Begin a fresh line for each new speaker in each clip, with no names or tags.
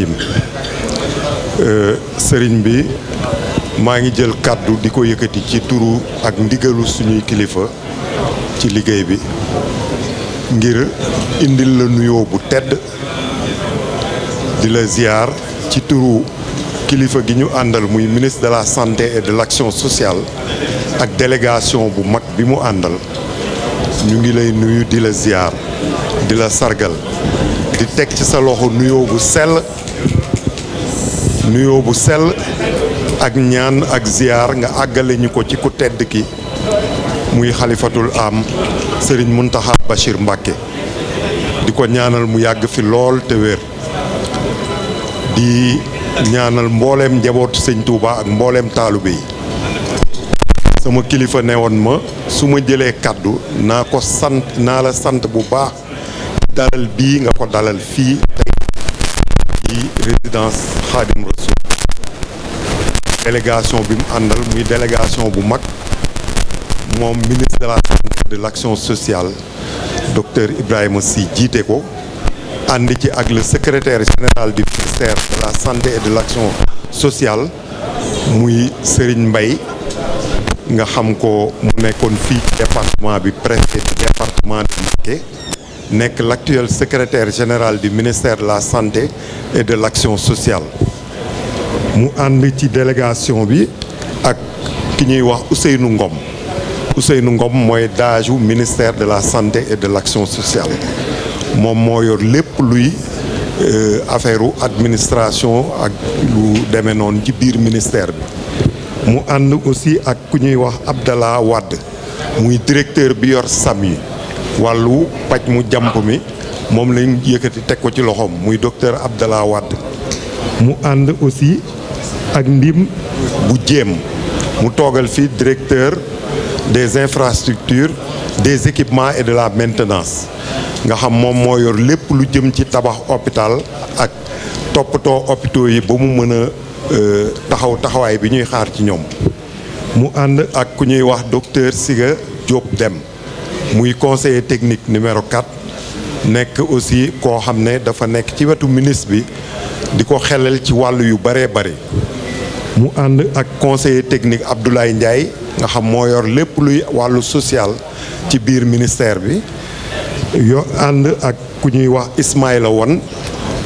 Xadim euh, sëriñ bi maa ngi jël kàddu di ko yëkkati ci turu ak ndigalu suñuy kilifa ci liggéey bi ngir indil la nuyoo bu tedd di la ziar ci turu kilifa gi ñu àndal muy ministre de la santé et de l'action sociale ak délégation bu mag bi mu àndal ñu ngi lay nuyu di la ziar di la sargal di teg ci sa loxo nuyoo bu sell nuyoo bu sell ak ñaan ak ziyaar nga àggale ñu ko ci ku tedd ki muy xalifatul am sëriñ Mountakha Bachir mbàkke di ko ñaanal mu yàgg fi lool te wér di ñaanal mbooleem njabootu sëñ Touba ak mbooleem taalibe yi sama kilifa ne ma su ma jëlee kàddu naa ko sant naa la sant bu baax dalal bii nga ko dalal fii tey ci résidence Khadim Rassoul délégation bi mu àndal muy délégation bu mag moom ministre de la santé de l'action sociale docteur Ibrahima Sy jiite ko ànd ci ak le secrétaire général du ministère de la santé de l'action sociale muy sëriñ mbay nga xam ko mu nekkoon fii département bi préfet du département de Mbacké nekk l'actuel secretaire général du ministère de la santé et de l'action sociale mu ànd ci délégation bi ak ki ñuy wax Ousseynou Ngom Ousseynou Ngom mooy daaju ministère de la santé et de l'action sociale moom moo yor lépp luy euh, affaire u administration ak lu demee noonu ci biir ministère bi mu ànd aussi ak ku ñuy wax Abdallah Wade muy directeur bi yor SAMU wàllu paj mu jàmp mi moom lañ yëkkati teg ko ci loxoom muy docteur Abdallah Wade mu ànd aussi ak ndim bu jéem mu toogal fi directeur des infrastructures des équipements et de la maintenance nga xam moom moo yor lépp lu jëm ci tabax hôpital ak toppatoo hôpitaux yi ba mu mën a euh, taxaw taxawaay bi ñuy xaar ci ñoom mu ànd ak ku ñuy wax docteur Siga Diop Deme muy conseiller technique numéro 4 nekk aussi koo xam ne dafa nekk ci wetu ministre bi di ko xelal ci wàll yu bëree bëri mu ànd ak conseiller technique Abdoulaye Ndiaye nga xam moo yor lépp luy wàllu social ci biir ministère bi yo ànd ak ku ñuy wax Ismaïla won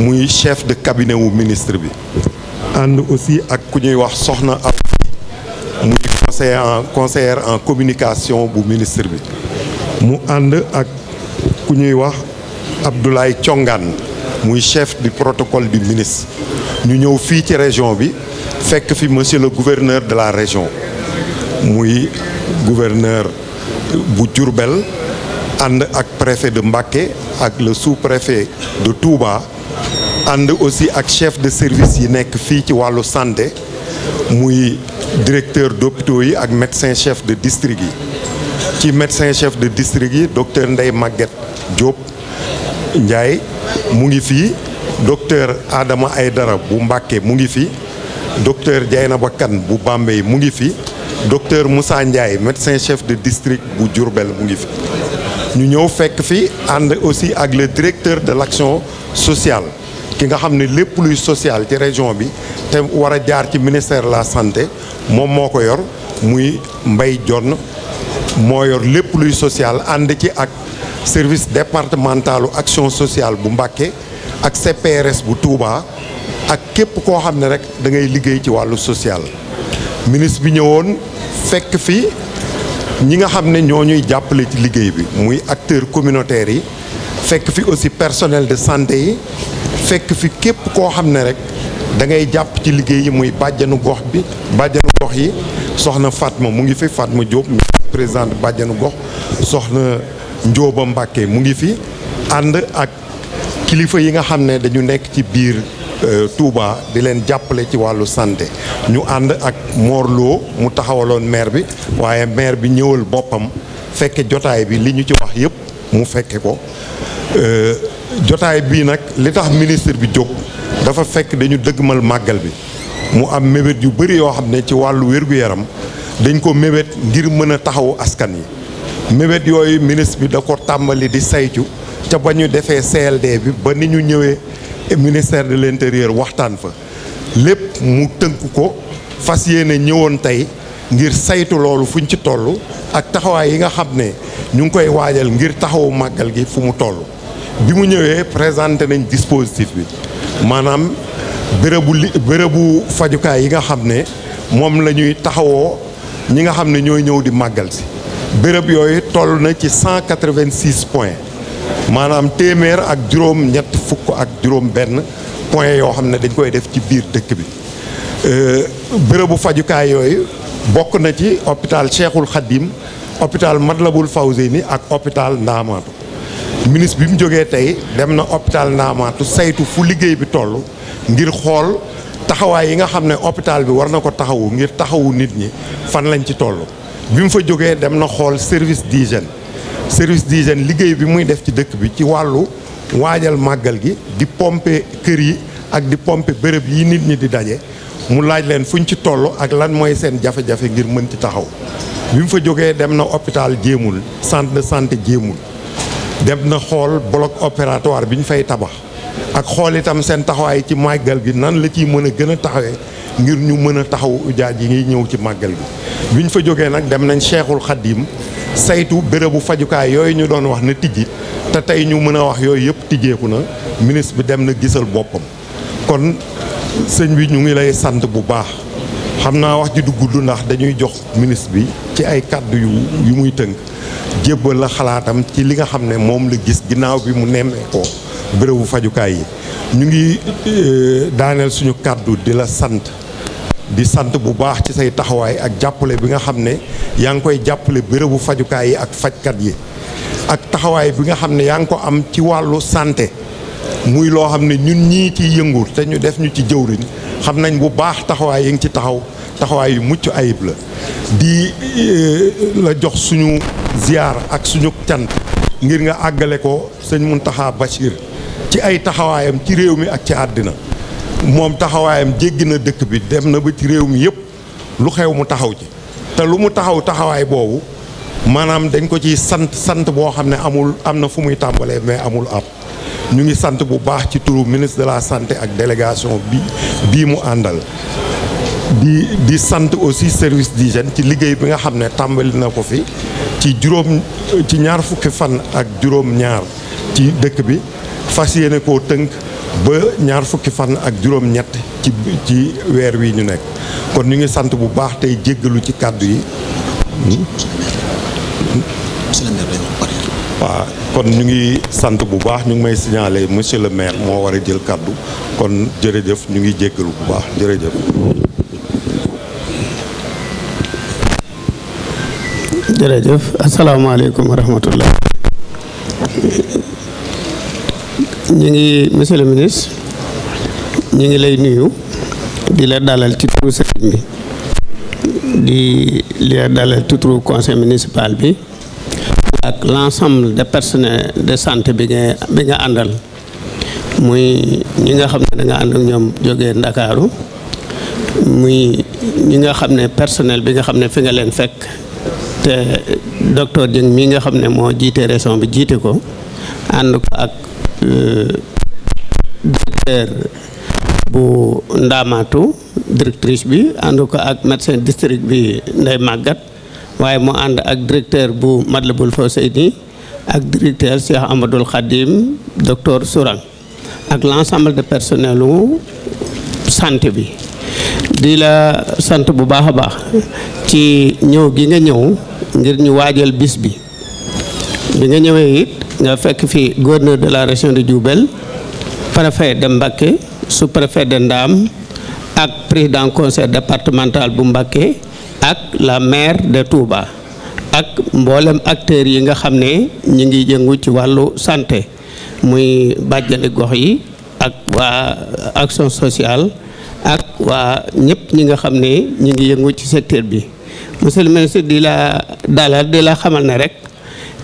muy chef de cabinet wu ministre bi ànd aussi ak ku ñuy wax Soxna Ab muy conseiller en communication bu ministre bi mu ànd ak ku ñuy wax Abdoulaye Thiongan muy chef du protocole du ministre ñu ñëw fii ci région bi fekk fi monsieur le gouverneur de la région muy gouverneur bu Diourbel ànd ak préfet de Mbacké ak le sous-préfet de Touba ànd aussi ak chef de service yi nekk fii ci wàllu santé muy directeur d'hôpitaux yi ak médecin chef de district yi ci médecin chef de district yi docteur Ndeye Maguette Diop njaay mu ngi fii docteur ay dara bu Mbàkke mu ngi fii docteur Dieynaba Kane bu Bambey mu ngi fii docteur Moussa Ndiaye médecin chef de district bu Diourbel mu ngi fi ñu ñëw fekk fi ànd aussi ak le directeur de l'action sociale ki nga xam ne lépp luy social ci région bi te war a jaar ci ministère la santé moom moo ko yor muy mbay jonn moo yor lépp luy sociale ànd ci ak service départementalu action sociale bu Mbàkke ak CPRS bu Touba ak képp koo xam ne rek da ngay liggéey ci wàllu sociale ministre bi ñëwoon fekk fi ñi nga xam ne ñoo ñuy jàppale ci liggéey bi muy acteur communautaire yi fekk fi aussi personnel de santé yi fekk fi képp koo xam ne rek da ngay jàpp ci liggéey yi muy bàjjanu gox bi bàjjanu gox yi soxna Fatma mu ngi fi Fatma Diop présidente bàjjanu gox soxna Ndioba Mbacke mu ngi fi ànd ak kilifa yi nga xam ne dañu nekk ci biir euh, Touba di leen jàppale ci wàllu santé ñu ànd ak Mor mu taxawaloon maire bi waaye maire bi ñëwal boppam fekke jotaay bi li ñu ci wax yëpp mu fekke ko euh, jotaay bii nag li tax ministre bi jóg dafa fekk dañu dëggmal màggal bi mu am mébét yu bëri yoo xam ne ci wàllu wér-gu-yaram dañ ko mébét ngir mën a taxawu askan yi mébét yooyu ministre bi da ko tàmbali di saytu ca ba ñu defee CLD bi ba ni ñu ñëwee ministère de l'intérieur waxtaan fa lépp mu tënk ko fas yéene ñëwoon tey ngir saytu loolu fuñ ci toll ak taxawaay yi nga xam ne ñu ngi koy waajal ngir taxawu màggal gi fu mu toll bi mu ñëwee présenté nañ dispositif bi maanaam bérébu li bérébu fajukaay yi nga xam ne moom la ñuy taxawoo ñi nga xam ne ñooy ñëw di màggal si béréb yooyu toll na ci cent quatre-vingt-six points maanaam téeméer ak juróom ñett fukk ak juróom benn point yoo xam ne dañ koy def ci biir dëkk bi euh, bérébu fajukaay yooyu bokk na ci hôpital Cheikhul Khadim hôpital Matlaboul ni ak hôpital Ndaamaatu ministre bi mu jógee tey dem na hôpital Ndaamaatu saytu fu liggéey bi toll ngir xool taxawaay yi nga xam ne hôpital bi war na ko taxawu ngir taxawu nit ñi fan lañ ci toll bi mu fa jógee dem na xool service d'hygiène service d'hygiène liggéey bi muy def ci dëkk bi ci wàllu waajal màggal gi di pompe kër yi ak di pomper bërëb yi nit ñi di daje mu laaj leen fu ñu ci toll ak lan mooy seen jafe-jafe ngir mën ci taxaw bi mu fa jógee dem na hôpital jéemul centre de santé jéemul dem na xool bloc opératoire bi ñu fay tabax ak xool itam seen taxawaay ci màggal gi nan la ciy mën a gën a taxawee ngir ñu mën a taxaw ujaaj yi ngay ñëw ci màggal gi bi ñu fa jógee nag dem nañ Cheikhul Khadim saytu bérébu fajukaay yooyu ñu doon wax ne tijji te tey ñu mën a wax yooyu yëpp tijjeeku na ministre bi dem na gisal boppam kon sëñ bi ñu ngi lay sant bu baax xam naa wax ji du gudd ndax dañuy jox ministre bi ci ay kàddu yu yu muy tënk jébbal la xalaatam ci li nga xam ne moom la gis ginnaaw bi mu nemmee ko bërëbu fajukaay yi ñu ngi euh, daaneel suñu kàddu di la sant di sant bu baax ci say taxawaay ak jàppale bi nga xam ne yaa ngi koy jàppale bérébu fajukaay yi ak fajkat yi ak taxawaay bi nga xam ne yaa ngi ko am ci wàllu sante muy loo xam ne ñun ñii ci yëngu te ñu def ñu ci jëwriñ xam nañ bu baax taxawaay yi ngi ci taxaw taxawaay yu mucc ayib la di euh, la jox suñu ziar ak suñu cant ngir nga àggale ko sëñ Muntaxa Bachir ci ay taxawaayam ci réew mi ak ci àddina moom taxawaayam jéggi na dëkk bi dem na ba ci réew mi yëpp lu xew mu taxaw ci te lu mu taxaw taxawaay boobu maanaam dañ ko ci sant sant boo xam ne amul am na fu muy tàmbalee mais amul ab ñu ngi sant bu baax ci turu ministre de la santé ak délégation bi bii mu àndal di di sant aussi service d'hygiène ci liggéey bi nga xam ne tàmbali na ko fi ci juróom ci ñaar fukki fan ak juróom-ñaar ci dëkk bi fas yéene koo tënk ba ñaar fukki fan ak juróom-ñett ci ci weer wi ñu nekk kon ñu ngi sant bu baax tey jéggalu ci kàddu yi. waaw kon ñu ngi sant bu baax ñu ngi may signaler monsieur le maire moo war jël kàddu kon jërëjëf ñu ngi jéggalu bu baax jërëjëf.
jërëjëf asalaamaaleykum wa rahmatullah ñu ngi monsieur le ministre ñu ngi lay nuyu di la dalal ci turu sëriñ di la dalal ci turu conseil municipal bi ak l'ensemble des personnels de santé bi nga àndal muy ñi nga xam ne da ànd ak ñoom jóge Ndakaaru muy ñi nga xam ne personnel bi nga xam ne fi nga leen fekk te docteur Dieng mii nga xam ne moo jiite région bi jiite ko ànd ko ak euh, directeur bu Ndaamaatu directrice bi ànd ko ak médecin district bi Ndeye Maguette waaye mu ànd ak directeur bu Matlaboul Fawzeyni ak directeur Cheikh Amadou Khadim docteur Sourang ak l'ensemble de personnel u santé bi di la sant bu baax a baax ci ñëw gi nga ñëw ngir ñu waajal bis bi bi nga ñëwee it nga fekk fi gouverneur de la région de Diourbel préfet de Mbacké sous-préfet de Ndam ak président conseil départemental bu Mbacké ak la maire de Touba ak mboolem acteurs yi nga xam ne ñu ngi yëngu ci wàllu santé muy bàjjali gox yi ak waa action sociale ak waa ñëpp ñi nga xam ne ñu ngi yëngu ci secteur bi monsieur le ministre di la dalal di la xamal ne rek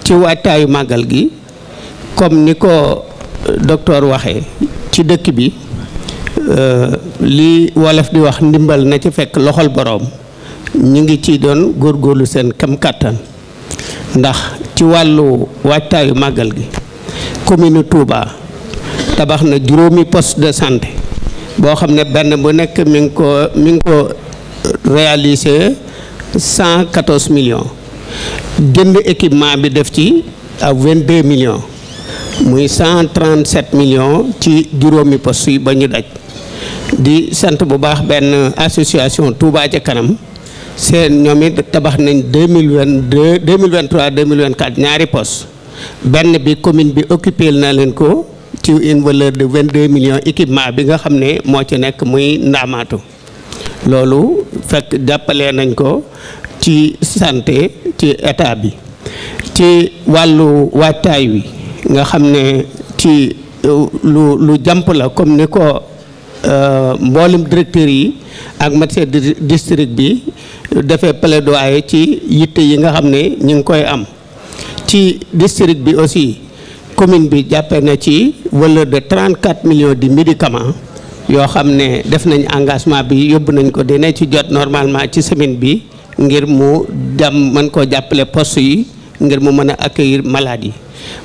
ci waajtaayu màggal gi comme ni ko euh, docteur waxe ci dëkk bi euh, li wolof di wax ndimbal na ci fekk loxol boroom ñu ngi ci doon góor góorlu seen kam kàttan ndax ci wàllu waajtaayu màggal gi commune Touba tabax na juróomi poste de santé boo xam ne benn bu nekk mi ngi ko mi ngi ko euh, réaliser cent quatorze millions jënd équipement bi def ci à vingt deux millions muy cent trente sept ci juróomi pos yi ba ñu daj di sant bu baax benn association Touba ca kanam seen ñoom it tabax nañ deux mille vingt deux deux mille trois deux mille vingt quatre ñaari poste benn bi commune bi occupé na leen ko ci une valeur de vingt deux millions équipement bi nga xam ne moo ci nekk muy ndaamaatu. loolu fekk jàppale nañ ko ci santé ci état bi ci wàllu waajtaay wi nga xam ne ci euh, lu lu jàmp la comme ni ko euh, mboolem directeur yi ak médecin district bi defee plaidoyer ci yitte yi nga xam ne ñu ngi koy am ci district bi aussi commune bi jàppe na ci valeur de 34 millions de médicaments yoo xam ne def nañ engagement bi yóbbu nañ ko dina ci jot normalement ci semaine bi ngir mu dem mën koo jàppale poste yi ngir mu mën a accueillir malade yi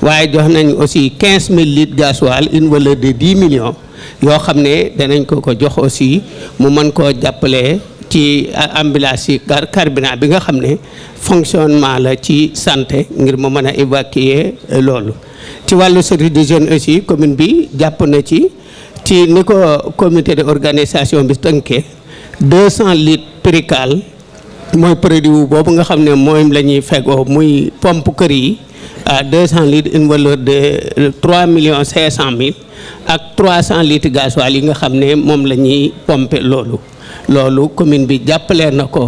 waaye jox nañ aussi quinze mille litres gasoil une valeur de dix millions yoo xam ne danañ ko ko jox aussi mu man koo jàppale ci ambulance yi car carburant bi nga xam ne fonctionnement la ci santé ngir mu mën a évacuer loolu ci wàllu service de aussi commune bi jàpp na ci ci ni ko comité de organisation bi tënkee deux cent litres pericale mooy produit boobu nga xam ne mooy la ñuy fegoo muy pomp kër yi à deux cent litres une de trois millions cinq cent mille ak trois cent litres gasoil yi nga xam ne moom la ñuy pomper loolu loolu commune bi jàppalee na ko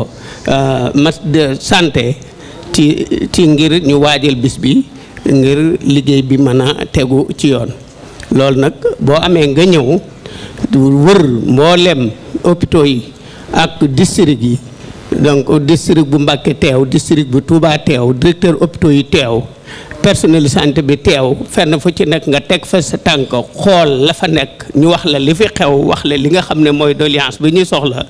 euh, mas de santé ci ci ngir ñu waajal bis bi ngir liggéey bi mën a tegu ci yoon loolu nag boo amee nga ñëw wër mboolem hôpitaux yi ak district yi donc district bu Mbàkke teew district bu tuubaa teew directeur hôpitaux yi teew personnel santé bi teew fenn fu ci nekk nga teg fa sa tànk xool la fa nekk ñu wax la li fi xew wax la li nga xam ne mooy doléance bi ñuy soxla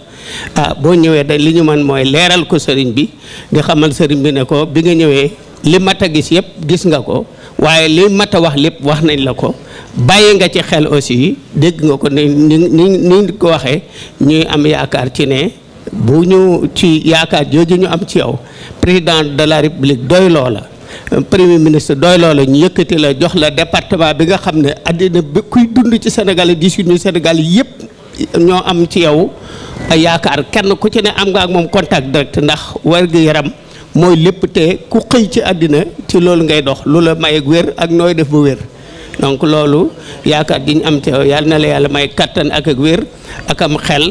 ah boo ñëwee da li ñu mën mooy leeral ko sëriñ bi di xamal sëriñ bi ne ko bi nga ñëwee li mat a gis yëpp gis nga ko waaye li mat a wax lépp wax nañ la ko bàyyi nga ci xel aussi dégg nga ko ni ni ni ko waxee ñuy am yaakaar ci ne bu ñu ci yaakaar jooju ñu am ci yow président de la république doy loola premier ministre doy loola ñu yëkkati la jox la département bi nga xam ne àddina bi kuy dund ci Sénégal di si suñu Sénégal yëpp ñoo am ci yow a yaakaar kenn ku ci ne am nga ak moom contact direct ndax war gu yaram mooy lépp te ku xëy ci àddina ci loolu ngay dox lu la mayeeg wér ak nooy def ba wér donc loolu yaakaar gi am ci yow yàlla na la yàlla may kàttan ak ak wér ak am xel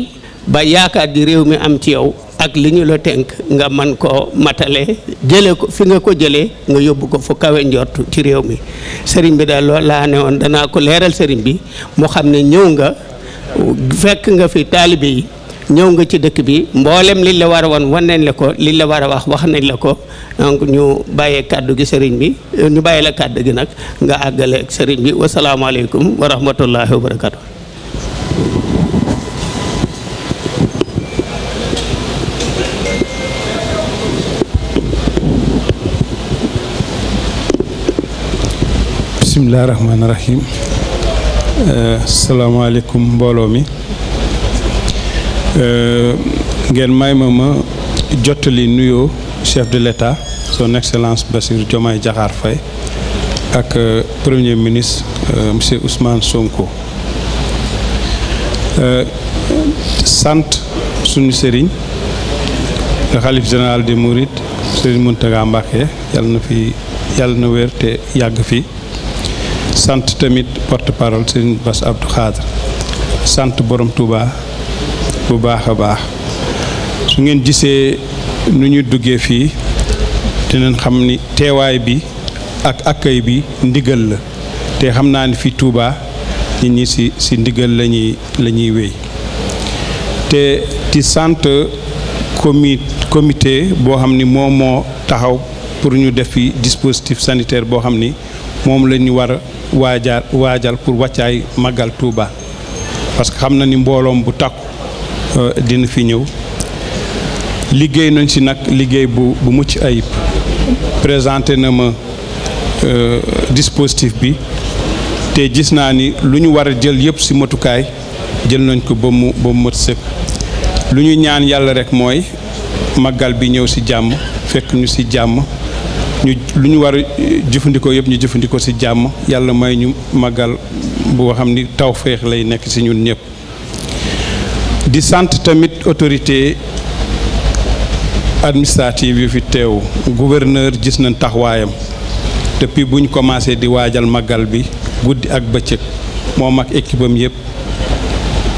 ba yaakaar gi réew mi am ci yow ak li ñu la tënk nga man ko matale jële ko fi nga ko jëlee nga yóbbu ko fu kawe njort ci réew mi sëriñ bi daal loolu laa ne woon danaa ko leeral sëriñ bi mu xam ne ñëw nga fekk nga fi taalibe yi ñëw nga ci dëkk bi mboolem liñ la war a woon wan nañ la ko liñ la war a wax wax nañ la ko donc ñu bàyyee kàddu gi sëriñ bi ñu bàyyi la kàddu gi nag nga àggale ak sëriñ bi wasalaamaaleykum wa rahmatullahi wa barakatu
bisimilah rahmaani rahim euh, salaamaaleykum mbooloo mi Euh, ngeen may ma ma jottali nuyoo chef de l'État son excellence Bassirou Diomaye Diakhar Faye ak euh, premier ministre euh, monsieur Ousmane Sonko sant suñu sëriñ le xalif général des Mourides sëriñ Mountaga Mbacké yàlla na fi yàlla na wér yàgg fi sant tamit porte parole sëriñ Bass Abdou Khadre sant borom Touba bu baax a baax su ngeen gisee nu ñu duggee fii dinañ xam ni teewaay bi ak accueil bi ndigal la te xam naa ni fi Touba nit ñi si si ndigal lañuy wey te ci sant comi boo xam ni moom moo taxaw pour ñu def fi dispositif sanitaire boo xam ni moom la ñu war a waajal waajal pour wàccaay màggal Touba parce xam na ni mbooloom bu takku Euh, dina fi ñëw liggéey nañ si nag liggéey bu bu mucc ayib présenté na ma euh, dispositif bi te gis naa ni lu ñu war a jël yëpp si matukaay jël nañ ko ba mu ba mu mat sëkk lu ñu ñaan yàlla rek mooy màggal bi ñëw si jàmm fekk ñu si jàmm ñu lu ñu war a jëfandikoo yëpp ñu jëfandikoo si jàmm yàlla may ñu màggal boo xam ni taw féex lay nekk si ñun ñëpp. di sant tamit autorité administrative yu fi teew gouverneur gis nañ taxawaayam depuis buñu ñu commencé di waajal màggal bi guddi ak bëccëg moo ak équipe am yëpp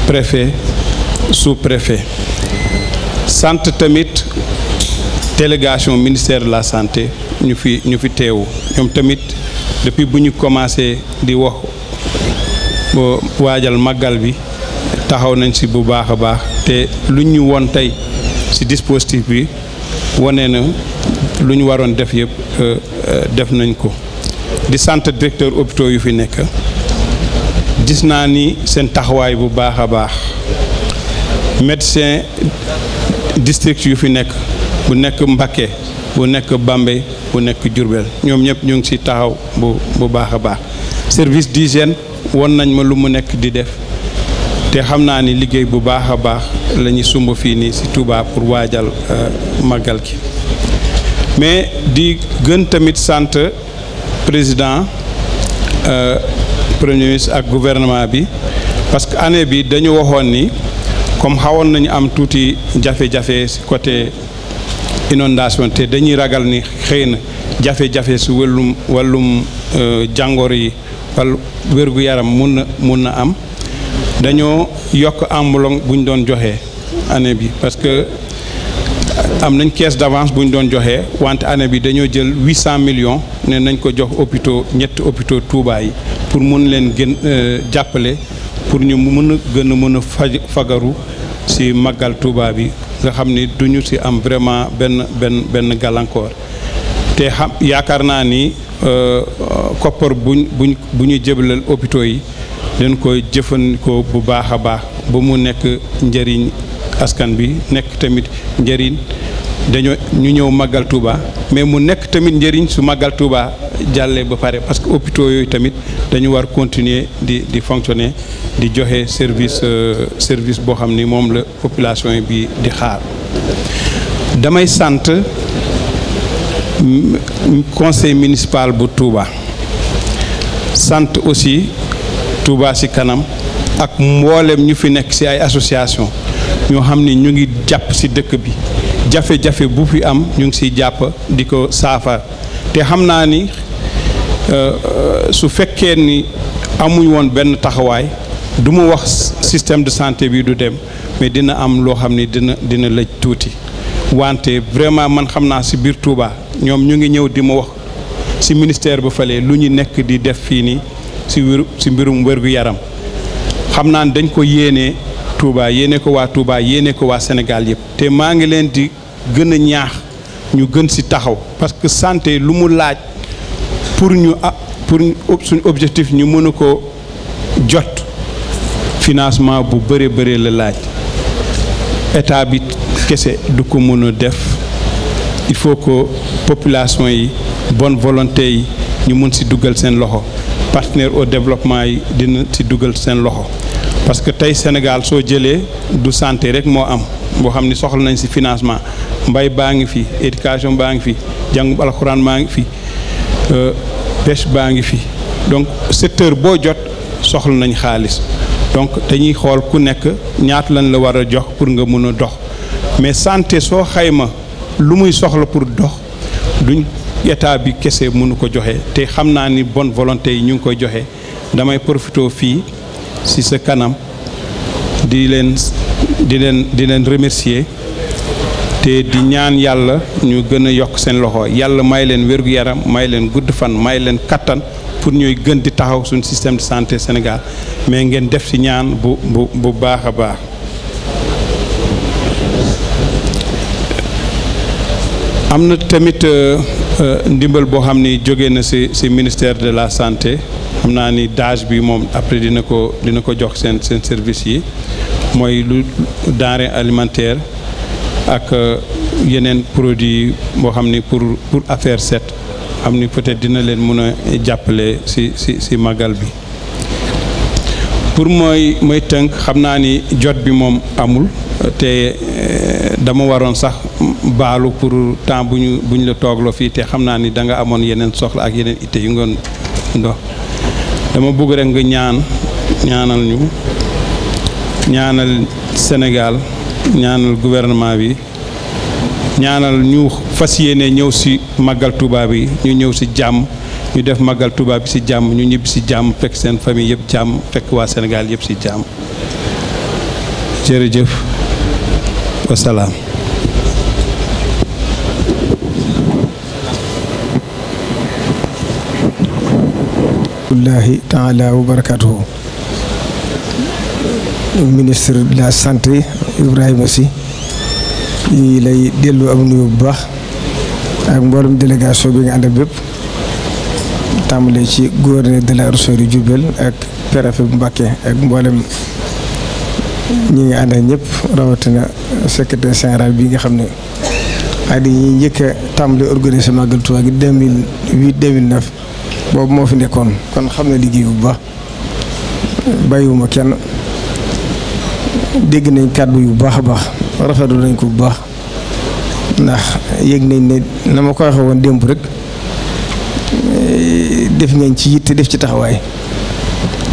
préfet sous-préfet sant tamit délégation ministère de la santé ñu fi ñu fi teewu ñoom tamit depuis bu ñu commencé di wax waajal màggal bi taxaw nañ si bu baax a baax te lu ñu woon tey si dispositif bi wane na lu ñu waroon def yëpp euh, euh, def nañ ko di sant directeur hôpitaux yu fi nekk gis naa ni seen taxawaay bu baax a baax médecin district yu fi nekk bu nekk Mbacké bu nekk bambe bu nekk Diourbel ñoom ñëpp ñu ngi si taxaw bu bu baax a baax service d'hygiène woon nañ ma lu mu nekk di def te xam naa ni liggéey bu baax a baax la ñuy sumb fii nii si Touba pour waajal euh, màggal ki mais di gën tamit sant président euh, premier ministre ak gouvernement bi parce que année bi dañu waxoon ni comme xawoon nañu am tuuti jafe-jafe si côté inondation te dañuy ragal ni xëy na jafe-jafe si wàllum wàllum euh, jàngoor yi wàllu wér yaram mun na mun na am dañoo yokk ambulance bu ñu doon joxe année bi parce que am nañ caisse d'avance bu ñu doon joxe wante année bi dañoo jël huit cent millions ne nañ ko jox opito ñetti opito Touba pour mun leen gën euh, jàppale pour ñu mën a gën a mën a faj fagaru si màggal Touba bi nga xam ni duñu si am vraiment benn benn benn gàllankoor te xam yaakaar naa ni euh, koppar buñ buñ bu ñu jëbalal hôpitaux yi. dañ koy jëfandikoo bu baax a baax ba mu nekk njëriñ askan bi nekk tamit njëriñ dañoo ñu ñëw màggal Touba mais mu nekk tamit njëriñ su màggal Touba jàllee ba pare parce que hôpitaux yooyu tamit dañu war continuer di di fonctionner di joxe service euh, service boo xam ni moom la population bi di xaar damay sant conseil municipal bu Touba sant aussi Touba ci kanam ak mboolem ñu fi nekk ci ay association ñoo xam ni ñu ngi jàpp ci dëkk bi jafe-jafe bu fi am ñu ngi ciy jàpp di ko saafar te xam naa ni euh, euh, su fekkee ni amuñ woon benn taxawaay du mu wax système de santé bii du dem mais dina am loo xam ni dina dina lëj tuuti wante vraiment man xam naa si biir Touba ñoom ñu ngi ñëw di mu wax ci ministère bi falee lu ñu nekk di def fii nii. si wér si mbirum wér-gu-yaram xam naa ni dañ ko yéene Touba yéene ko waa Touba yéene ko waa Sénégal yëpp te maa ngi leen di gën a ñaax ñu gën si taxaw parce que santé lu mu laaj pour ñu ah, pour suñ objectif ñu mën a ko jot financement bu bëree bëri la laaj état bi kese du ko mën a def il faut que population yi bon volonté yi ñu mën si dugal seen loxo partenaire au développement yi dina ci dugal seen loxo parce que tey Sénégal soo jëlee du santé rek moo am boo xam ni soxla nañ ci financement mbay baa ngi fi éducation baa ngi fi jàngub alxuraan baa ngi fi euh, pêche baa ngi fi donc secteur boo jot soxla nañ xaalis donc dañuy xool ku nekk ñaata lañ la war a jox pour nga mën a dox mais santé soo xayma lu muy soxla pour dox duñ état bi kese mënu ko joxe te xam naa ni bon volonté yi ñu ngi koy joxe damay profité fii si sa kanam di leen di leen di leen remercier te di ñaan yàlla ñu gën a yokk seen loxo yàlla may leen wérgu yaram may leen gudd fan may leen kattan pour ñuy gën di taxaw suñu système de santé Sénégal mais ngeen def ci ñaan bu bu baax a baax. am na tamit. Euh, Euh, ndimbal boo xam ni jógee na si si ministère de la santé xam naa ni dage bi moom après dina ko dina ko jox seen seen service yi mooy lu denrée alimentaire ak euh, yeneen produits boo xam ni pour pour affaire set xam ni peut-être dina leen mën a jàppale si si si màggal bi pour mooy mooy tënk xam naa ni jot bi moom amul te dama waroon sax baalu pour temps bu ñu bu ñu la toogloo fii te xam naa ni danga amoon yeneen soxla ak yeneen itte yu ngoon ndox dama bugg rek nga ñaan ñaanal ñu ñaanal Sénégal ñaanal gouvernement bi ñaanal ñu fas yéene ñëw si màggal tubaab yi ñu ñëw si jàmm ñu def màggal tubaab bi ci jàmm ñu ñibbi si jàmm fekk seen famille yëpp jàmm fekk waa Sénégal yëpp ci jàmm jërëjëf. wasalaam
wallahi taala wa barakatuhu ministre de la santé Ibrahima si yi lay dellu am nuyu bu baax ak mboolem délégation bi nga àndal bépp tàmbalee ci gouverneur de la région de Diourbel ak préfet bu Mbacké ak mboolem ñi ngi àndal ñëpp rawatina secrétaire général bi nga xam ne at yii njëkk a tàmbali organisé màggal Tuubaa gi 2008 2009 boobu moo fi nekkoon kon xam na liggéey bu baax bàyyiwuma kenn dégg nañ kàddu yu baax a baax rafetlu nañ ko bu baax ndax yëg nañ ne na ma ko waxee woon démb rek def ngeen ci yitte def ci taxawaay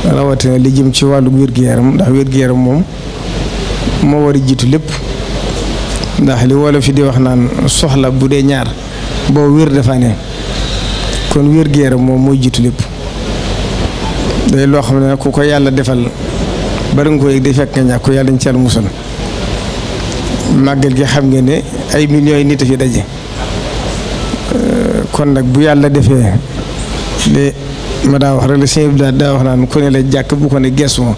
rawatina li jëm ci wàllu wér-gu-yaram ndax wér-gu-yaram moom. moo war a jiitu lépp ndax li wolof fi di wax naan soxla bu dee ñaar boo wér dafa ne kon wér gu moom mooy jiitu lépp day loo xam ne ku ko yàlla defal bari nga ko yëg day fekk nga ñàkk ko yàlla ñu ci gi xam nga ne ay millions nit fi daje kon nag bu yàlla defee li ma daa wax rek la sëñ bi daa wax naan ku ne la jàkk bu ko ne gees moom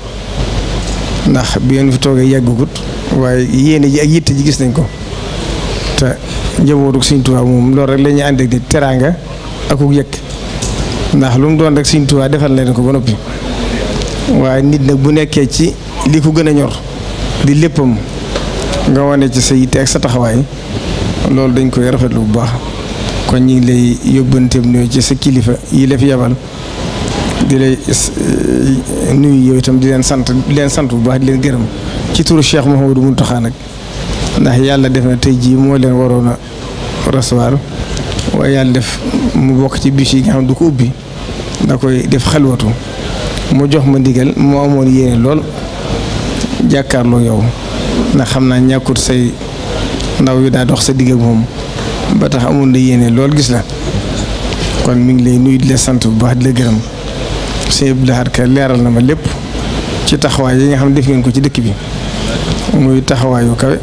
ndax bi ngeen fi toogee yàggagut waaye yéene ji ak yitte ji gis nañ ko te njabootu Sëriñ Tuubaa moom loolu rek la ñuy ànd ak di teraanga ak ug yëkk ndax lu mu doon rek Sëriñ Tuubaa defal leen ko ba noppi waaye nit nag bu nekkee ci lii ko gën a ñor di léppam nga wane ci sa yitte ak sa taxawaay loolu dañ koy rafetlu bu baax kon ñu ngi lay yóbbanteem ñooy ci sa kilifa yi la fi yabal. di lay eh, nuyu yow itam di leen sant leen sant bu baax di leen gërëm ci turu Cheikh Mouhamadou Mountakha nag ndax yàlla def na tey jii moo leen waroon a waaye yàlla def mu bokk ci bis yi nga xam du ko ubbi da koy def xelwatu mu jox ma ndigal mu amoon yéene lool jàkkaarloo yow ndax xam naa ñàkkut say ndaw wi daa dox sa digg moom ba tax amoon na yéene lool gis la kon mi ngi lay nuyu di la sant bu baax di la gërëm. sëñ Abdou Lahad Ka leeral na ma lépp ci taxawaay yi nga xam ne def ngeen ko ci dëkk bi muy taxawaayu kawe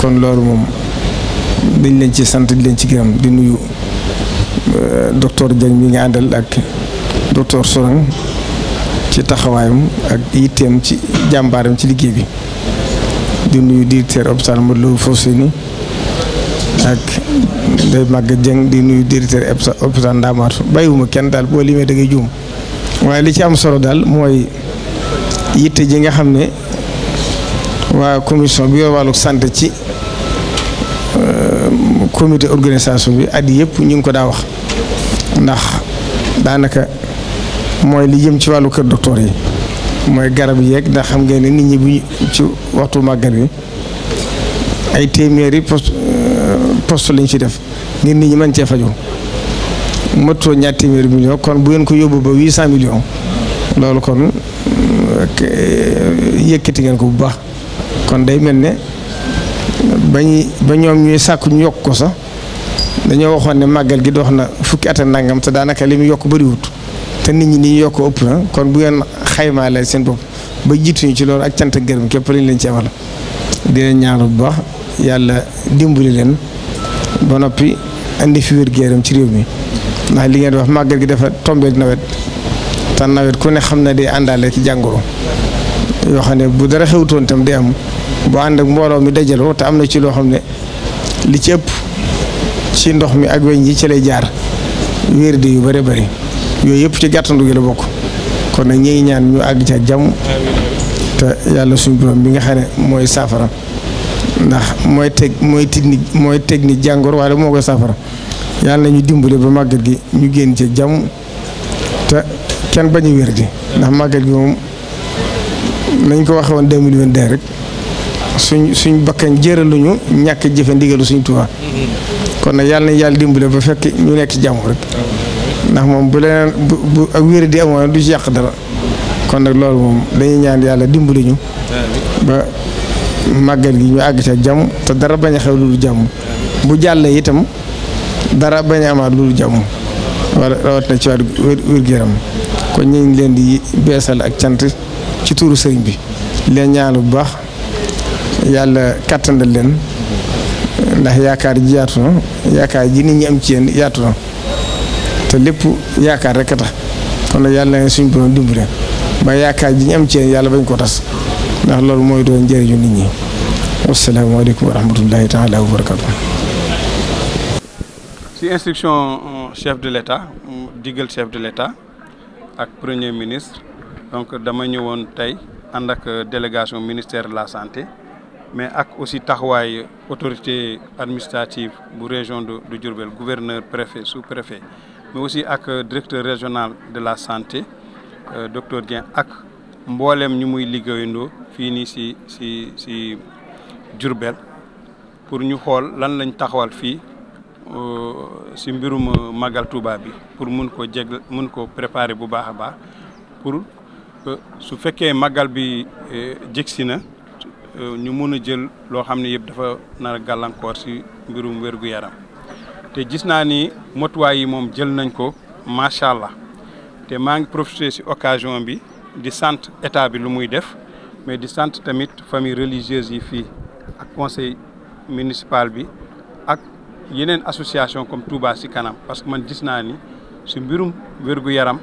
kon loolu moom dañ leen ci sant di leen ci gërëm di nuyu euh, docteur Dieng mi nga àndal ak docteur Sourang ci taxawaayam ak yitteem ci jàmbaaram ci liggéey bi di nuyu directeur hôpital Matlaboul Fawzayni ak day màgg Dieng di nuyu directeur hôpital Ndamatou bàyyiwuma kenn daal boo limee dangay ngay juum. waaye li ci am solo daal mooy yitte ji nga xam ne waa commission bi yor wàllu santé ci euh, comité organisation bi at yëpp ñu ngi ko daa wax ndax daanaka mooy li jëm ci wàllu kër docteur yi mooy garab yeeg ndax xam ngeen ne nit ñi bu ci waxtu màggal bi ay téeméeri euh, poste post lañ ci def ngir nit ñi mën cee fajoo mottoo ñaar téeméeri million kon bu ngeen ko yóbbu ba huit cent millions loolu kon yëkkati ngeen ko bu baax kon day mel ne bañuy ba ñoom ñuy sàkku ñu yokk ko sax dañoo waxoon ne màggal gi dox na fukki at nangam te daanaka li mu yokk bëriwut te nit ñi ni ñu yokk ëpp na kon bu ngeen xaymaa leen seen bopp ba jiituñu ci loolu ak cant ak gërëm képp lañ leen ci amal di leen bu baax yàlla dimbali leen ba noppi indi fi wér gu ci réew mi. ndax li ngeen wax màggal gi dafa tombeek nawet te nawet ku ne xam na day àndaale ci jàngoro yoo xam ne bu dara xewtoon tam day am bu ànd ak mbooloo mi dajaloo te am na ci loo xam ne li ci ëpp ci ndox mi ak weñ ci lay jaar wér di yu bare bari yooyu yëpp ci gàttandu gi la bokk kon nag ñi ñaan ñu àgg ca jam te yàlla suñu borom bi nga xam ne mooy saafara ndax mooy teg mooy technique mooy technique jàngoro wala moo koy saafara yàlla ñu dimbale ba màggat gi ñu génn ci jàmm te kenn bañ a wér di ndax màggat gi moom nañ ko waxee woon 2022 rek suñ suñ bakkan jëraluñu ñàkk jëfe ndigalu suñ kon nag yàlla yàlla dimbale ba fekk ñu nekk ci jàmm ndax moom bu leneen bu bu ak di du ci yàq dara kon nag loolu moom lañuy ñaan yàlla dimbali ñu ba màggat gi ñu àgg ca jàmm te dara bañ a xew lu jàmm bu jàllee itam dara bañ a amaat loolu jàmm wala rawat na ci waat wér-gu-yaram kon ñu ngi leen di beesal ak cant ci tuuru sëriñ bi leen ñaanu bu baax yàlla kàttandal leen ndax yaakaar ji yaatu na yaakaar ji nit ñi am ci yéen yaatu na te lépp yaakaar rek a tax kon yàlla na suñ borom dimbale ba yaakaar ji ñu am ci yéen yàlla bañ ko tas ndax loolu mooy doon njëriñu nit ñi wasalaamaaleykum wa rahmatullahi taala barakatu
ci instruction euh, chef de l'État euh, digal chef de l'État ak premier ministre donc dama ñëwoon tey ànd ak euh, délégation ministère de la santé mais ak aussi taxawaay autorité administrative bu région de de Diourbel gouverneur préfet sous-préfet mais aussi ak directeur régional de la santé docteur Dieng ak mbooleem ñu muy liggéeyandoo fii nii si si si Diourbel pour ñu xool lan lañ taxawal fii si euh, mbirum màggal Touba bi pour mun ko jeg mun ko préparer bu baax a baax pour euh, su fekkee màggal bi euh, jegsi na ñu mun a jël loo xam ne yëpp dafa nar a gàllankoor si mbirum wérgu yaram te gis naa ni motuwaay yi moom jël nañ ko macha allah te maa ngi profité si occasion bi di sant état bi lu muy def mais di sant tamit famille religieuse yi fii ak conseil municipal bi ak. yeneen association comme Touba si kanam parce que man gis naa ni su mbirum wér yaram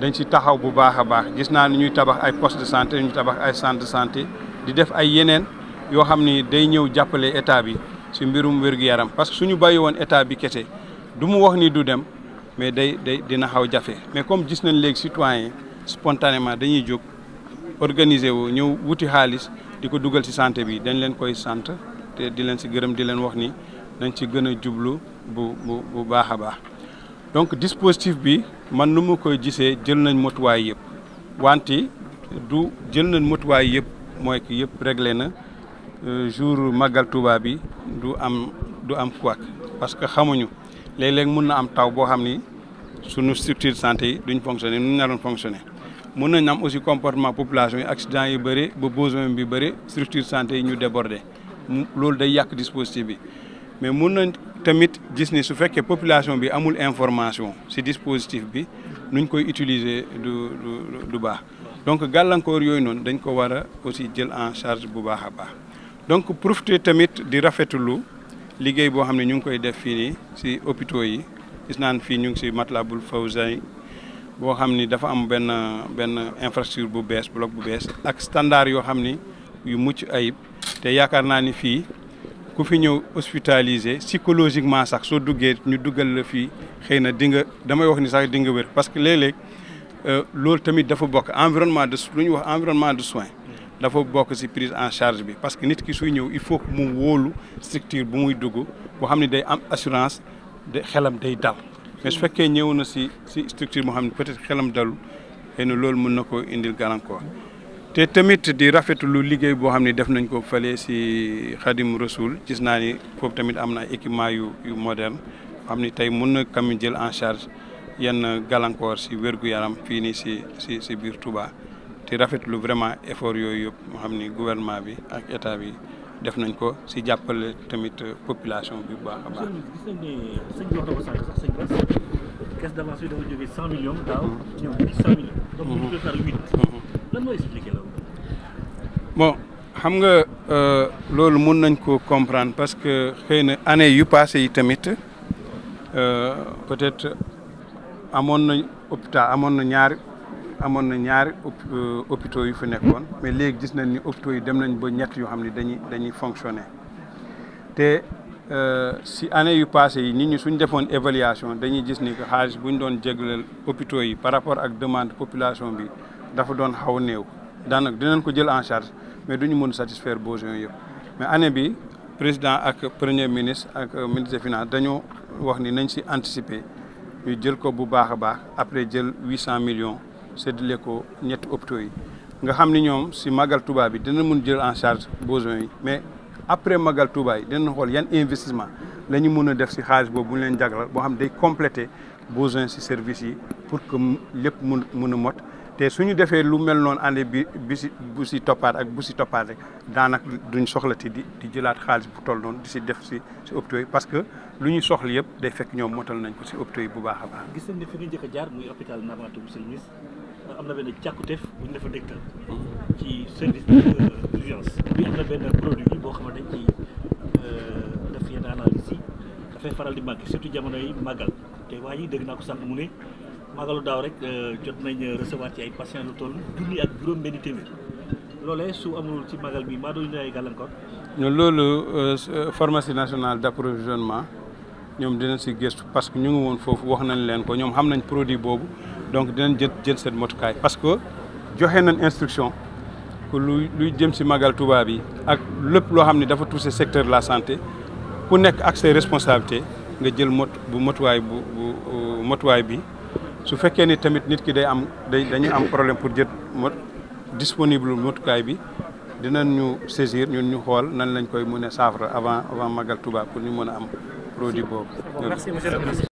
dañ si taxaw bu baax a baax gis naa ni ñuy tabax ay poste de santé ñuy tabax ay centre de santé di def ay yeneen yoo xam ni day ñëw jàppale état bi si mbirum wérgu gu yaram parce que suñu bàyyi woon état bi kese du mu wax ni du dem mais day day dina xaw jafe mais comme gis nañ léegi citoyen spontanément dañuy jóg organiser wu ñëw wuti xaalis di ko dugal si santé bi dañ leen koy sant te di leen si gërëm di leen wax ni dañ ci gën a jublu bu bu bu baax a baax donc dispositif bi man nu ma koy gisee jël nañ motuwaay yëpp wante du jël nañ motuwaay yëpp mooy que yëpp réglé na euh, jour màggal Tuuba bi du am du am couac parce que xamuñu léeg-léeg mun na am taw boo xam ni suñu structure santé yi duñ fonctionner nu ñu naroon fonctionner mun nañ am aussi comportement population yi accident yi bëri ba besoin bi bëri structure santé yi ñu déborder loolu day yàq dispositif bi mais mun nañ tamit gis ni su fekkee population bi amul information ci dispositif bi nuñ koy utiliser du du du baax donc gàllankoor yooyu noonu dañ ko war a aussi jël en charge bu baax a baax donc profité tamit di rafetulu liggéey boo xam ne ñu ngi koy def fii nii ci hôpitaux yi gis naan fii ñu ngi ci Matlaboul Fawzaini boo xam ni dafa am benn benn infrastructure bu bees bloc bu bees ak standard yoo xam ni yu mucc ayib te yaakaar naa ni fii ku fi ñëw hospitalisé psychologiquement sax soo duggee ñu duggal la fii xëy na di nga damay wax ni sax di nga wér parce que léeg-léeg euh, loolu tamit dafa bokk environnement de lu ñuy wax environnement de soins dafa bokk si prise en charge bi parce que nit ki suy ñëw il faut mu wóolu structure bu muy dugg boo xam ne day am assurance de xelam day dal mais su fekkee ñëw na si ci structure boo xam ne peut-être xelam dalu xëy na loolu mën na ko indil gàllankoor te tamit di rafet lu liggéey boo xam ne def nañ ko fale si Khadim Rasoul gis naa ni foofu tamit am na équipement yu yu moderne xam ni tey mun na kam jël en charge yenn gàllankoor si wér yaram fii nii si si si biir Touba te rafetlu vraiment effort yooyu yëpp moo xam ni gouvernement bi ak état bi def nañ ko si jàppale tamit population bi bu baax a lan mooy bon xam nga euh, loolu mun nañ ko comprendre parce que xëy na année yu passé yi tamit euh, peut-être amoon nañ hôpital amoon na ñaar amoon na ñaari euh, hôpitaux yu fi nekkoon mais léegi gis nañ ni hôpitaux yi dem nañ ba ñett yoo xam ni dañuy dañuy fonctionner te si année yu passé yi nit ñu suñ defoon évaluation dañuy gis ni que xaalis bu ñu doon jégleel hôpitaux yi par rapport ak demande population bi dafa doon xaw a néew daanaka dinañ ko jël en charge mais du ñu mën satisfaire besoin yëpp mais année bi président ak premier ministre ak euh, ministre des finances dañoo wax ni nañ si anticiper ñu jël ko bu baax a baax après jël huit cent millions séddale ko ñett hôpitaux yi nga xam ni ñoom si Magal Touba bi dina mun jël en charge besoin yi mais après Magal Touba yi dinañ xool yan investissement la ñu mun a def si xaalis boobu leen jaglal boo xam day compléter besoin si service yi pour que lépp mun mun a mot te su ñu defee lu mel noonu année bi bi si bu si toppaat ak bu si toppaat rek daanak duñ soxlati di di jëlaat xaalis bu toll noonu di si def si si hôpitaux yi parce que lu ñu soxla yëpp day fekk ñoom motal nañ ko si yi bu baax a baax.
gis nañ ne fi ñu njëkk jaar muy hôpital Ndamatou monsieur le ministre am
na benn càkkutéef bu ñu dafa dégtal ci service euh, d'urgence bi na benn produit boo def yenn analyse faral di màgg surtout
jamono yi màggal te waa ji dégg naa ko sànq mu ne. magalu daaw rek euh, jot nañ euh, recevoir ci ay patients lu tool junni ak juróom-benni téeméer loolee su amul ci magal bi maa doon ay gàllankoor.
loolu euh, pharmacie nationale d'approvisionnement ñoom dinañ si gëstu parce que ñu ngi woon foofu wax nañ leen ko ñoom xam nañ produit boobu donc dinañ jël jël seen motukaay. parce que joxe nañ instruction que lu luy jëm si magal tubaab yi ak lépp loo xam ne dafa touché secteur de la santé ku nekk ak ses nga jël mot bu motuwaay bu bu bi. su fekkee ni tamit nit ki day am day dañu am problème pour jët mot disponible motukaay bi dinañ ñu saisir ñun ñu xool nan lañ koy mën a saafara avant avant magal tubaab pour ñu mën a am produit boobu.